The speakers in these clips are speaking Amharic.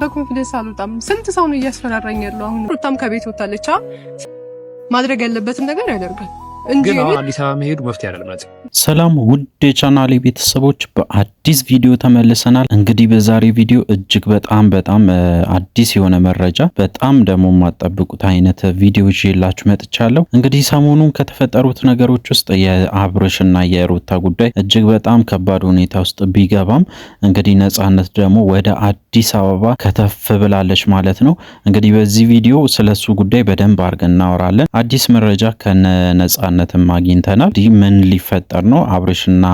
በኮንፊደንስ አልወጣም። ስንት ሰው ነው እያስፈራራኝ ያለው? አሁን ሩታም ከቤት ወታለች። ማድረግ ያለበትን ነገር ያደርጋል። ግን አሁን አዲስ አበባ መሄዱ መፍትሄ አይደለም። ሰላም ውድ የቻናሌ ቤተሰቦች በአዲስ ቪዲዮ ተመልሰናል። እንግዲህ በዛሬ ቪዲዮ እጅግ በጣም በጣም አዲስ የሆነ መረጃ በጣም ደግሞ የማጠብቁት አይነት ቪዲዮ ይዤላችሁ መጥቻለሁ። እንግዲህ ሰሞኑን ከተፈጠሩት ነገሮች ውስጥ የአብርሽ እና የሩታ ጉዳይ እጅግ በጣም ከባድ ሁኔታ ውስጥ ቢገባም እንግዲህ ነጻነት ደግሞ ወደ አዲስ አበባ ከተፍ ብላለች ማለት ነው። እንግዲህ በዚህ ቪዲዮ ስለሱ ጉዳይ በደንብ አድርገን እናወራለን። አዲስ መረጃ ከነ ነጻነት ነጻነትም አግኝተናል። ይህ ምን ሊፈጠር ነው አብርሽና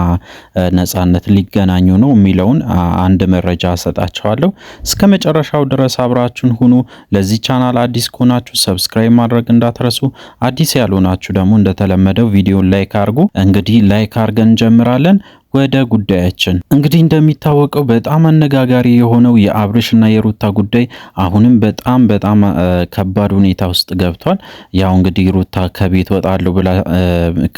ነጻነት ሊገናኙ ነው የሚለውን አንድ መረጃ ሰጣቸዋለሁ እስከ መጨረሻው ድረስ አብራችሁን ሁኑ። ለዚህ ቻናል አዲስ ከሆናችሁ ሰብስክራይብ ማድረግ እንዳትረሱ፣ አዲስ ያልሆናችሁ ደግሞ እንደተለመደው ቪዲዮን ላይክ አድርጉ። እንግዲህ ላይክ አድርገን እንጀምራለን። ወደ ጉዳያችን እንግዲህ እንደሚታወቀው በጣም አነጋጋሪ የሆነው የአብርሽ እና የሩታ ጉዳይ አሁንም በጣም በጣም ከባድ ሁኔታ ውስጥ ገብቷል። ያው እንግዲህ ሩታ ከቤት ወጣለሁ ብላ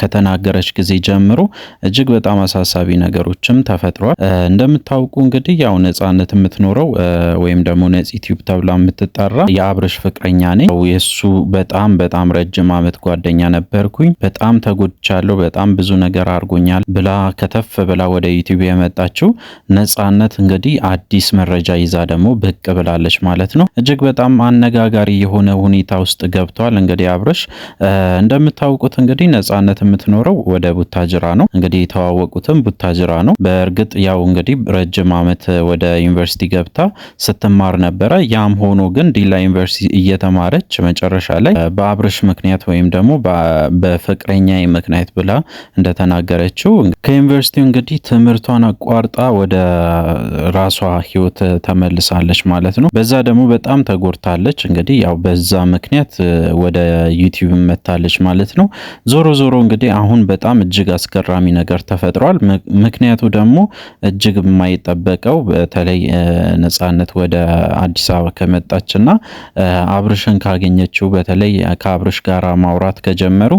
ከተናገረች ጊዜ ጀምሮ እጅግ በጣም አሳሳቢ ነገሮችም ተፈጥሯል። እንደምታውቁ እንግዲህ ያው ነጻነት የምትኖረው ወይም ደግሞ ነጽ ዩቲዩብ ተብላ የምትጠራ የአብርሽ ፍቅረኛ ነኝ። የእሱ በጣም በጣም ረጅም ዓመት ጓደኛ ነበርኩኝ። በጣም ተጎድቻለሁ፣ በጣም ብዙ ነገር አድርጎኛል ብላ ከተፈ ብላ ወደ ዩቲዩብ የመጣችው ነጻነት እንግዲህ አዲስ መረጃ ይዛ ደግሞ ብቅ ብላለች ማለት ነው። እጅግ በጣም አነጋጋሪ የሆነ ሁኔታ ውስጥ ገብቷል። እንግዲህ አብርሽ እንደምታውቁት እንግዲህ ነጻነት የምትኖረው ወደ ቡታጅራ ነው። እንግዲህ የተዋወቁትም ቡታጅራ ነው። በእርግጥ ያው እንግዲህ ረጅም ዓመት ወደ ዩኒቨርሲቲ ገብታ ስትማር ነበረ። ያም ሆኖ ግን ዲላ ዩኒቨርሲቲ እየተማረች መጨረሻ ላይ በአብርሽ ምክንያት ወይም ደግሞ በፍቅረኛ ምክንያት ብላ እንደተናገረችው ከዩኒቨርሲቲው እንግዲህ ትምህርቷን አቋርጣ ወደ ራሷ ህይወት ተመልሳለች ማለት ነው። በዛ ደግሞ በጣም ተጎድታለች። እንግዲህ ያው በዛ ምክንያት ወደ ዩቲዩብ መታለች ማለት ነው። ዞሮ ዞሮ እንግዲህ አሁን በጣም እጅግ አስገራሚ ነገር ተፈጥሯል። ምክንያቱ ደግሞ እጅግ የማይጠበቀው በተለይ ነጻነት ወደ አዲስ አበባ ከመጣች እና አብርሽን ካገኘችው በተለይ ከአብርሽ ጋር ማውራት ከጀመሩ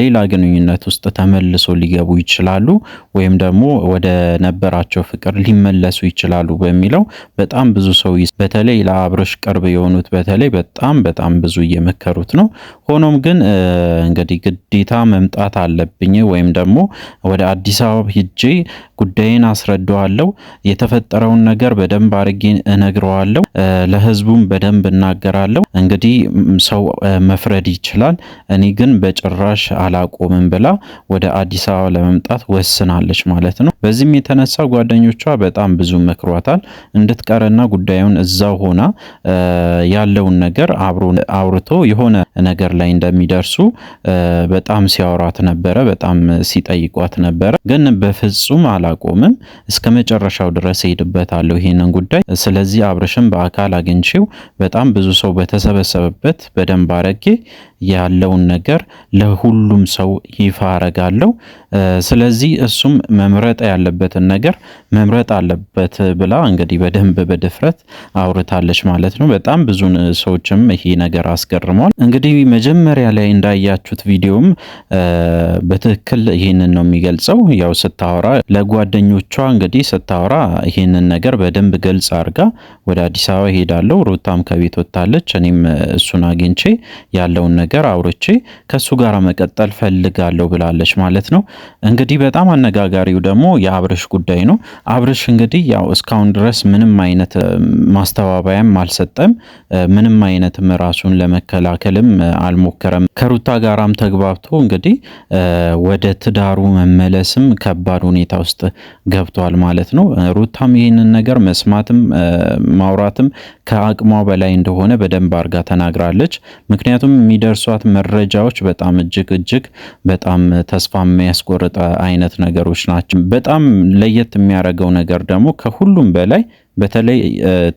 ሌላ ግንኙነት ውስጥ ተመልሶ ሊገቡ ይችላሉ ወይም ደግሞ ወደ ነበራቸው ፍቅር ሊመለሱ ይችላሉ በሚለው በጣም ብዙ ሰው በተለይ ለአብርሽ ቅርብ የሆኑት በተለይ በጣም በጣም ብዙ እየመከሩት ነው። ሆኖም ግን እንግዲህ ግዴታ መምጣት አለብኝ ወይም ደግሞ ወደ አዲስ አበባ ሂጄ ጉዳይን አስረዳዋለሁ፣ የተፈጠረውን ነገር በደንብ አድርጌ እነግረዋለሁ፣ ለህዝቡም በደንብ እናገራለሁ። እንግዲህ ሰው መፍረድ ይችላል፣ እኔ ግን በጭራሽ አላቆምም ብላ ወደ አዲስ አበባ ለመምጣት ወስናለች ማለት ማለት ነው። በዚህም የተነሳ ጓደኞቿ በጣም ብዙ መክሯታል እንድትቀረና ጉዳዩን እዛው ሆና ያለውን ነገር አብሮ አውርቶ የሆነ ነገር ላይ እንደሚደርሱ በጣም ሲያወሯት ነበረ፣ በጣም ሲጠይቋት ነበረ። ግን በፍጹም አላቆምም እስከ መጨረሻው ድረስ ሄድበታለሁ ይሄንን ጉዳይ። ስለዚህ አብርሽም በአካል አግኝቼው በጣም ብዙ ሰው በተሰበሰበበት በደንብ አረጌ ያለውን ነገር ለሁሉም ሰው ይፋ አረጋለሁ። ስለዚህ እሱም መምረጥ ያለበትን ነገር መምረጥ አለበት ብላ እንግዲህ በደንብ በድፍረት አውርታለች ማለት ነው። በጣም ብዙ ሰዎችም ይሄ ነገር አስገርሟል። እንግዲህ መጀመሪያ ላይ እንዳያችሁት ቪዲዮም በትክክል ይህንን ነው የሚገልጸው። ያው ስታወራ ለጓደኞቿ እንግዲህ ስታወራ ይህንን ነገር በደንብ ገልጽ አድርጋ ወደ አዲስ አበባ ሄዳለሁ፣ ሩታም ከቤት ወጥታለች፣ እኔም እሱን አግኝቼ ያለውን ነገር ነገር አውርቼ ከሱ ጋር መቀጠል ፈልጋለሁ ብላለች ማለት ነው። እንግዲህ በጣም አነጋጋሪው ደግሞ የአብርሽ ጉዳይ ነው። አብርሽ እንግዲህ ያው እስካሁን ድረስ ምንም አይነት ማስተባበያም አልሰጠም። ምንም አይነትም ራሱን ለመከላከልም አልሞከረም። ከሩታ ጋራም ተግባብቶ እንግዲህ ወደ ትዳሩ መመለስም ከባድ ሁኔታ ውስጥ ገብቷል ማለት ነው። ሩታም ይህንን ነገር መስማትም ማውራትም ከአቅሟ በላይ እንደሆነ በደንብ አርጋ ተናግራለች። ምክንያቱም የሚደርሱ የሚደርሷት መረጃዎች በጣም እጅግ እጅግ በጣም ተስፋ የሚያስቆርጥ አይነት ነገሮች ናቸው። በጣም ለየት የሚያደርገው ነገር ደግሞ ከሁሉም በላይ በተለይ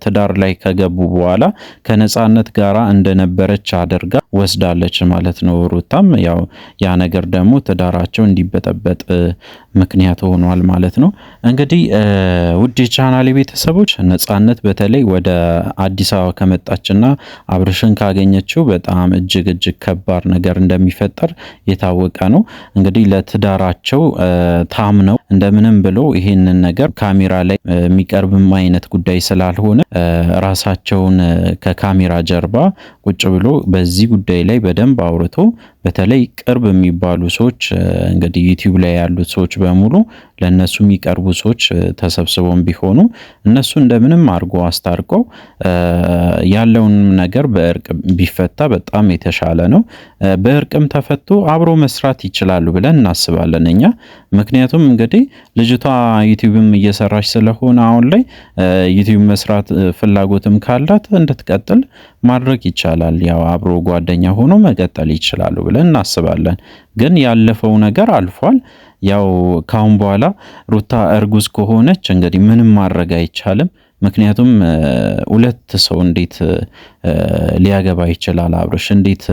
ትዳር ላይ ከገቡ በኋላ ከነጻነት ጋራ እንደነበረች አድርጋ ወስዳለች ማለት ነው። ሩታም ያው ያ ነገር ደግሞ ትዳራቸው እንዲበጠበጥ ምክንያት ሆኗል ማለት ነው። እንግዲህ ውድ ቻናል ቤተሰቦች ነጻነት በተለይ ወደ አዲስ አበባ ከመጣችና አብርሽን ካገኘችው በጣም እጅግ እጅግ ከባድ ነገር እንደሚፈጠር የታወቀ ነው። እንግዲህ ለትዳራቸው ታም ነው እንደምንም ብሎ ይሄንን ነገር ካሜራ ላይ የሚቀርብም አይነት ጉዳይ ስላልሆነ ራሳቸውን ከካሜራ ጀርባ ቁጭ ብሎ በዚህ ጉዳይ ላይ በደንብ አውርቶ በተለይ ቅርብ የሚባሉ ሰዎች እንግዲህ ዩቲዩብ ላይ ያሉት ሰዎች በሙሉ ለእነሱ የሚቀርቡ ሰዎች ተሰብስበውም ቢሆኑ እነሱ እንደምንም አድርጎ አስታርቆ ያለውን ነገር በእርቅ ቢፈታ በጣም የተሻለ ነው። በእርቅም ተፈቶ አብሮ መስራት ይችላሉ ብለን እናስባለን እኛ። ምክንያቱም እንግዲህ ልጅቷ ዩቲዩብም እየሰራች ስለሆነ አሁን ላይ ዩቲዩብ መስራት ፍላጎትም ካላት እንድትቀጥል ማድረግ ይቻላል። ያው አብሮ ጓደኛ ሆኖ መቀጠል ይችላሉ ብለን እናስባለን። ግን ያለፈው ነገር አልፏል። ያው ካሁን በኋላ ሩታ እርጉዝ ከሆነች እንግዲህ ምንም ማድረግ አይቻልም። ምክንያቱም ሁለት ሰው እንዴት ሊያገባ ይችላል? አብርሽ እንዴት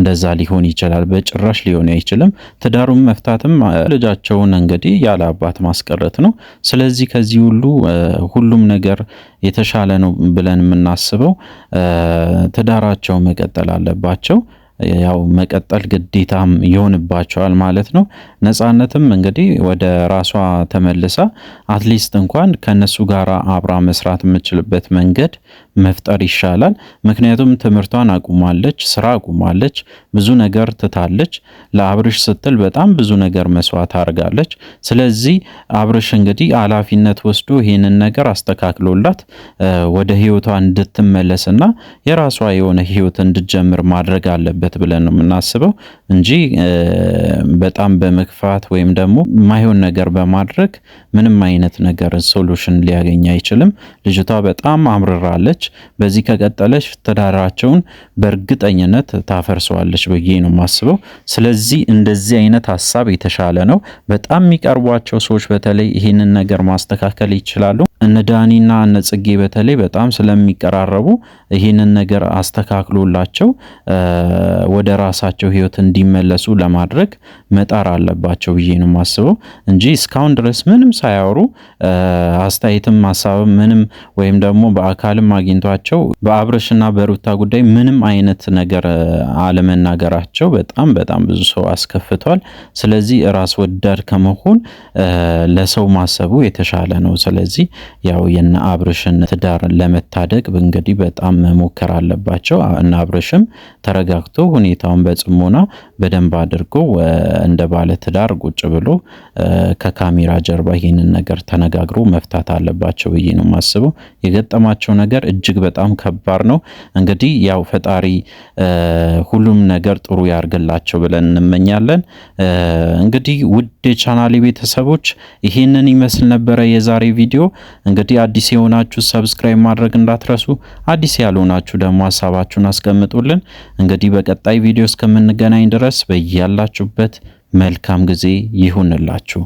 እንደዛ ሊሆን ይችላል? በጭራሽ ሊሆን አይችልም። ትዳሩን መፍታትም ልጃቸውን እንግዲህ ያለ አባት ማስቀረት ነው። ስለዚህ ከዚህ ሁሉ ሁሉም ነገር የተሻለ ነው ብለን የምናስበው ትዳራቸው መቀጠል አለባቸው። ያው መቀጠል ግዴታም ይሆንባቸዋል ማለት ነው። ነጻነትም እንግዲህ ወደ ራሷ ተመልሳ አትሊስት እንኳን ከነሱ ጋር አብራ መስራት የምችልበት መንገድ መፍጠር ይሻላል። ምክንያቱም ትምህርቷን አቁማለች፣ ስራ አቁማለች፣ ብዙ ነገር ትታለች። ለአብርሽ ስትል በጣም ብዙ ነገር መስዋዕት አድርጋለች። ስለዚህ አብርሽ እንግዲህ ኃላፊነት ወስዶ ይህንን ነገር አስተካክሎላት ወደ ህይወቷ እንድትመለስና የራሷ የሆነ ህይወት እንድጀምር ማድረግ አለበት ብለን ነው የምናስበው እንጂ በጣም በመግፋት ወይም ደግሞ ማይሆን ነገር በማድረግ ምንም አይነት ነገር ሶሉሽን ሊያገኝ አይችልም። ልጅቷ በጣም አምርራለች። ትችላለች። በዚህ ከቀጠለች ትዳራቸውን በእርግጠኝነት ታፈርሰዋለች ብዬ ነው የማስበው። ስለዚህ እንደዚህ አይነት ሀሳብ የተሻለ ነው። በጣም የሚቀርቧቸው ሰዎች በተለይ ይህንን ነገር ማስተካከል ይችላሉ። እነ ዳኒና እነ ጽጌ በተለይ በጣም ስለሚቀራረቡ ይህንን ነገር አስተካክሎላቸው ወደ ራሳቸው ህይወት እንዲመለሱ ለማድረግ መጣር አለባቸው ብዬ ነው የማስበው እንጂ እስካሁን ድረስ ምንም ሳያወሩ አስተያየትም ሀሳብም ምንም ወይም ደግሞ በአካልም ማግኘት አግኝቷቸው በአብርሽና በሩታ ጉዳይ ምንም አይነት ነገር አለመናገራቸው በጣም በጣም ብዙ ሰው አስከፍቷል። ስለዚህ ራስ ወዳድ ከመሆን ለሰው ማሰቡ የተሻለ ነው። ስለዚህ ያው የነ አብርሽን ትዳር ለመታደግ እንግዲህ በጣም መሞከር አለባቸው። እነ አብርሽም ተረጋግቶ ሁኔታውን በጽሞና በደንብ አድርጎ እንደ ባለ ትዳር ቁጭ ብሎ ከካሜራ ጀርባ ይህንን ነገር ተነጋግሮ መፍታት አለባቸው ብዬ ነው የማስበው። የገጠማቸው ነገር እጅግ በጣም ከባድ ነው። እንግዲህ ያው ፈጣሪ ሁሉም ነገር ጥሩ ያርግላቸው ብለን እንመኛለን። እንግዲህ ውድ የቻናሌ ቤተሰቦች ይሄንን ይመስል ነበረ የዛሬ ቪዲዮ። እንግዲህ አዲስ የሆናችሁ ሰብስክራይብ ማድረግ እንዳትረሱ፣ አዲስ ያልሆናችሁ ደግሞ ሀሳባችሁን አስቀምጡልን። እንግዲህ በቀጣይ ቪዲዮ እስከምንገናኝ ድረስ በያላችሁበት መልካም ጊዜ ይሁንላችሁ።